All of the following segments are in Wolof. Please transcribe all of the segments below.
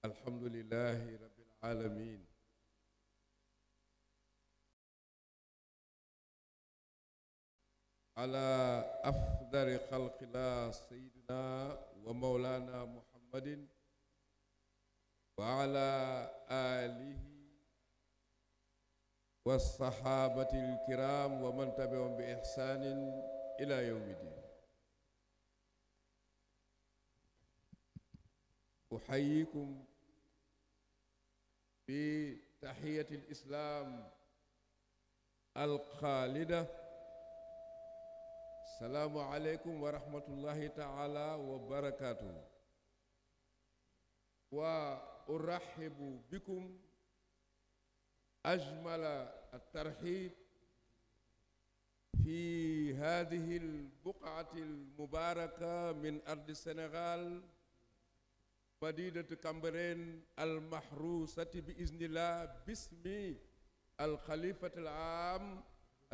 alhamdulilahi rabbil alamin ala afdari xalqillah sayidina wa maulana muhammadin wa ala alihi wa sahabati alkiram wa man tabi'ahum bi ihsanin ila yawmi din uxayikum في تحية الإسلام الخالدة السلام عليكم ورحمة الله تعالى وبركاته وأرحب بكم أجمل الترحيب في هذه البقعة المباركة من أرض السنغال madinatu Cambérène almahrusati bi iznillah bismi alxalifat al am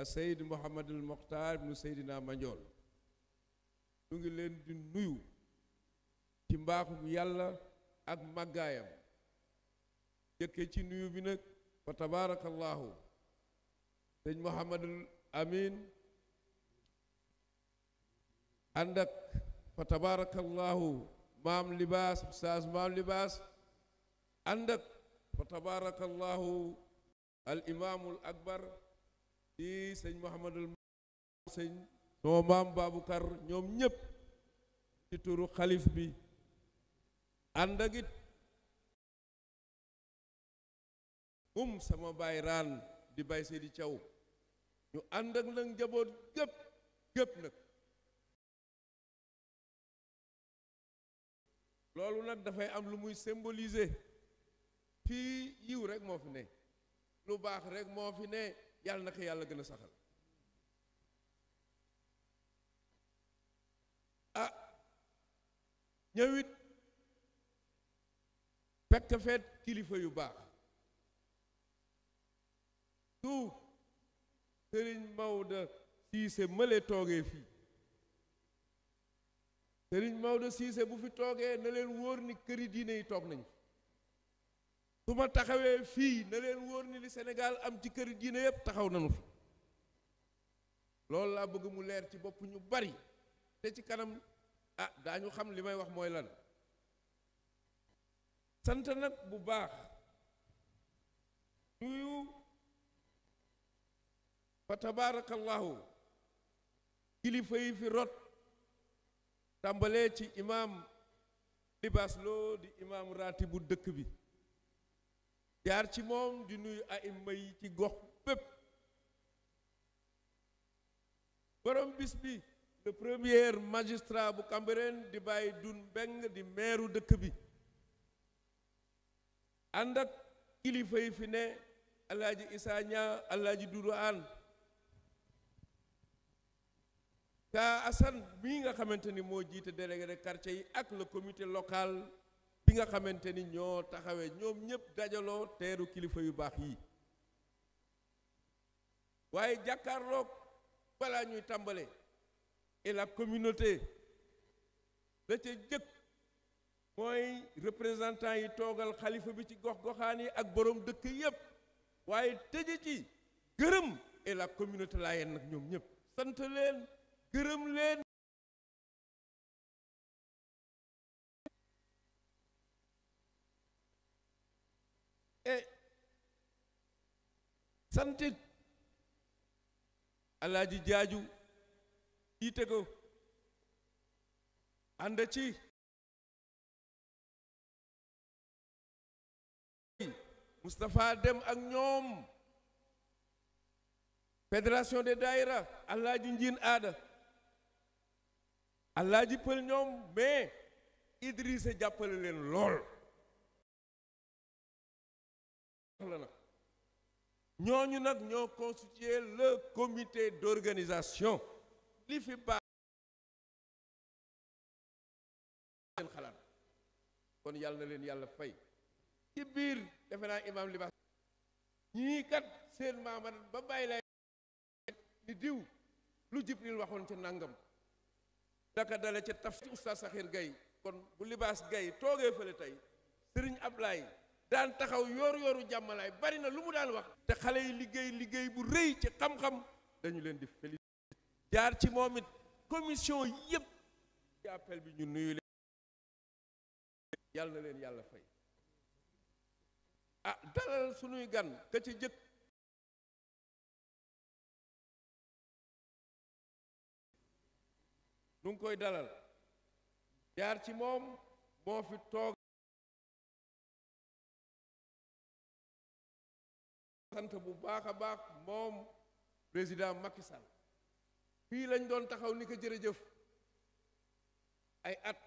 Seyd Mouhamad al Mokhtar ibnu Seydina Mandiol ñu ngi leen di nuyu ci mbaaxum yàlla ak màggaayam jëkke ci nuyu bi nag fa tabarakallahu sëñ Mouhamadul Amin ànd ak fa tabarakallahu maam libaas saas maam libaas ànd ak fa tabaarakallahu al imaamul akbar di sëñ Mouhamadul sëñ sama maam Baabukar ñoom ñépp ci turu xalif bi ànd ak it um sama baay raan di bay Seydi Thiaw ñu ànd ak nag njaboot gépp gépp nag loolu nag dafay am lu muy symboliser fii yiw rek moo fi ne lu baax rek moo fi ne yàlla na ko yàlla gën a saxal a ah, ñëwit fekk feet kilifa yu baax tout sëriñ Maodo Cissé mële toogee fii Serigne Maodo Cissé bu fi toogee na leen wóor ni këri diine yi toog nañ su ma taxawee fii na leen wóor ni li senegaal am ci këri diine yépp taxaw nañu fi loolu laa bëgg mu leer ci boppu ñu bari te ci kanam ah daañu xam li may wax mooy lan sant nag bu baax nuyu fa tabaarakallaahu kilifa yi fi rot tàmbalee ci imaam libaas di imaam raati bu dëkk bi jaar ci moom di nuyu aima yi ci gox bépp borom bis bi le premier magistrat bu Cambérène di bàyyi dun mbeng di meeru dëkk bi ànd ak kilifa yi fi ne alaaji isaa ñaa alaaji te Assane bi nga xamante ni moo jiite délégué de quartier yi ak le comité local bi nga xamante ni ñoo taxawee ñoom ñëpp dajaloo teeru kilifa yu baax yi waaye jàkkaarloog balaa ñuy tàmbale et la communauté da ca jëkk mooy représentant yi toogal xalifa bi ci gox-goxaan yi ak boroom dëkk yëpp waaye tëje ci gërëm et la communauté laayeen nag ñoom ñëpp sant leen gërëm leen e santit alaaji jaaju jiite ko ànd ci Moustapha Dem ak ñoom fédération des daïra alaaji njiin aada Alaaji Pël ñoom mais Idrissa jàppale leen lool la nag ñooñu nag ñoo constituer le comité d'organisation li fi baax seen kon yàlla na leen yàlla fay ci biir defe naa imaam libaas ñii kat seen maama ba bàyyi lay ni diw lu Jibril waxoon ca nangam daka dale ci taf ci oustaz Sakhir kon bu libaas gay toogee fële tey sëriñ Ablaye daan taxaw yooru yooru jàmmalaay bari na lu mu daan wax te xale yi liggéey liggéey bu rëy ci xam-xam dañu leen di félicité jaar ci moom it commission yëpp ci appel bi ñu nuyu leen yàlla na leen yàlla fay ah dalal suñuy gan ka ci jëkk nu ngi koy dalal jaar ci moom moo fi toog sant bu baax a baax moom président Macky fii lañ doon taxaw ni ko jërëjëf ay at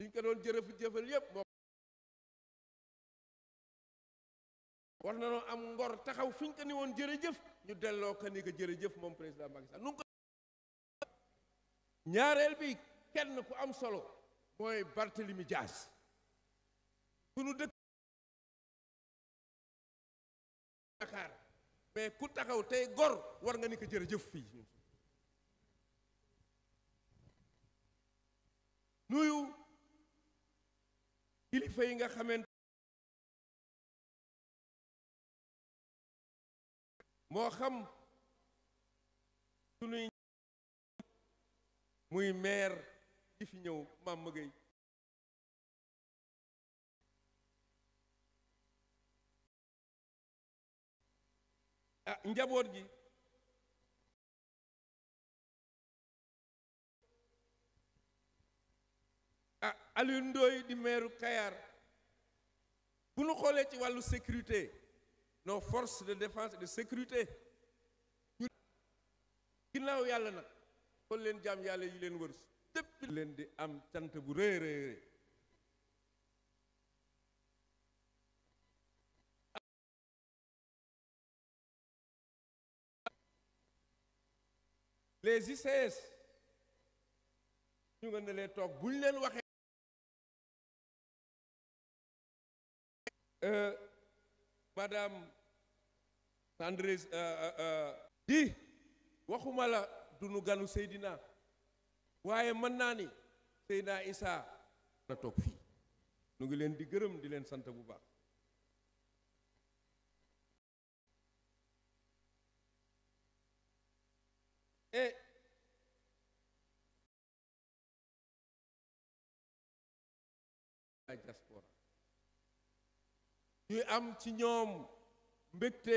liñ ko doon jërëf jëfal yépp moo war na noo am ngor taxaw fi ñu ko ni woon jërëjëf ñu delloo ko ni ko jërëjëf moom président Macky ñaareel bi kenn ku am solo mooy Barthélemy Dias sunu dëkk Dakar mais ku taxaw tey gor war nga ni ko jërëjëf fii nuyu kilifa yi nga xamante moo xam sunuy muy maire di fi ñëw maam mëgéy ah njaboot gi a ah, Alioune Ndoye di meeru Kayar bu nu xoolee ci wàllu sécurité nos forces de défense de sécurité ginnaaw yàlla na xool leen jaam yàlla yi leen wër tépp leen di am cant bu rëy rëy ñu nga ne leen toog buñ leen waxee euh, madame Sandrine di euh, euh, waxuma la duñu ganu Seydina waaye mën naa ni Seydina Isa na toog fii nu ngi leen di gërëm di leen sant bu baax e ñuy am ci ñoom mbégte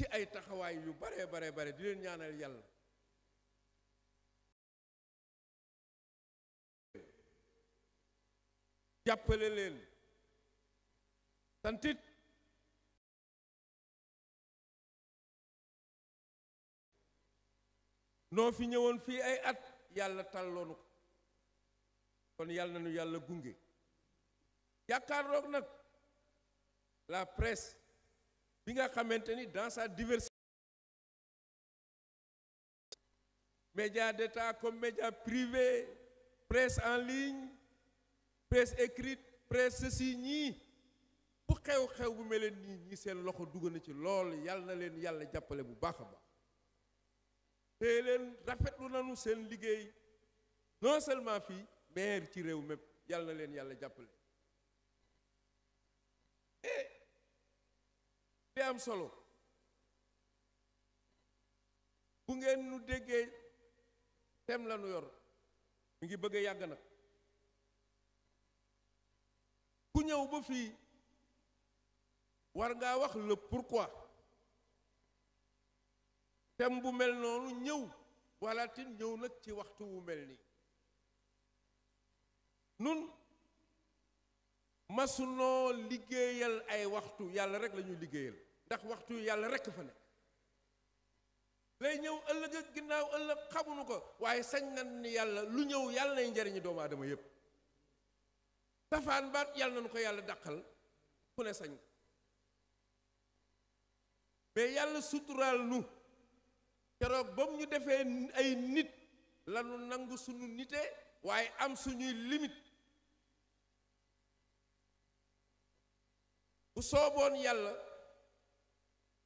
ci ay taxawaay yu bare bare bare di leen ñaanal yàlla jàppale leen santit noo fi ñëwoon fii ay at yàlla tàlloonu ko kon yàlla na nu yàlla gunge jàkkaarloog nag la presse bi nga xamante ni dans sa diversité médias d'État comme médias privés presse en ligne presse écrite presse ceci ñii bu xew-xew bu mel nii ñi seen loxo dugg na ci lool yàlla leen yàlla jàppale bu baax a baax te leen rafetlu nañu seen liggéey non seulement fii mais ci réew mépp yàlla leen yàlla jàppale li am solo bu ngeen nu déggee tem lanu yor mu ngi bëgg yàgg na ku ñëw ba fii war ngaa wax le pourquoi tem bu mel noonu ñëw walla tin ñëw nag ci waxtu wu mel nii nun ma su masunoo liggéeyal ay waxtu yàlla rek lañuy ñuy liggéeyal ndax waxtu yàlla rek fa ne lay ñëw ëllëg ak ginnaaw ëllëg xamuñu ko waaye sañ na ni yàlla lu ñëw yàlla nay njariñu doomu aadama yépp safaan baat yàlla nañu ko yàlla dàqal ku ne sañ mais yàlla suturaal nu keroog ba mu ñu defee ay nit lanu nangu suñu nite waaye am suñuy limite bu sooboon yàlla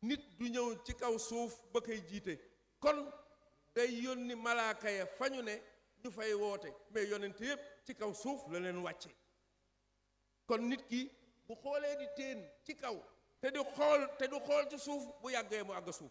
nit du ñëw ci kaw suuf ba koy jiite kon day yónni malaaka ya fa ñu ne ñu fay woote mais yonent yépp ci kaw suuf la leen wàcce kon nit ki bu xoolee di teen ci kaw te du xool te du xool ci suuf bu yàggee mu àgg suuf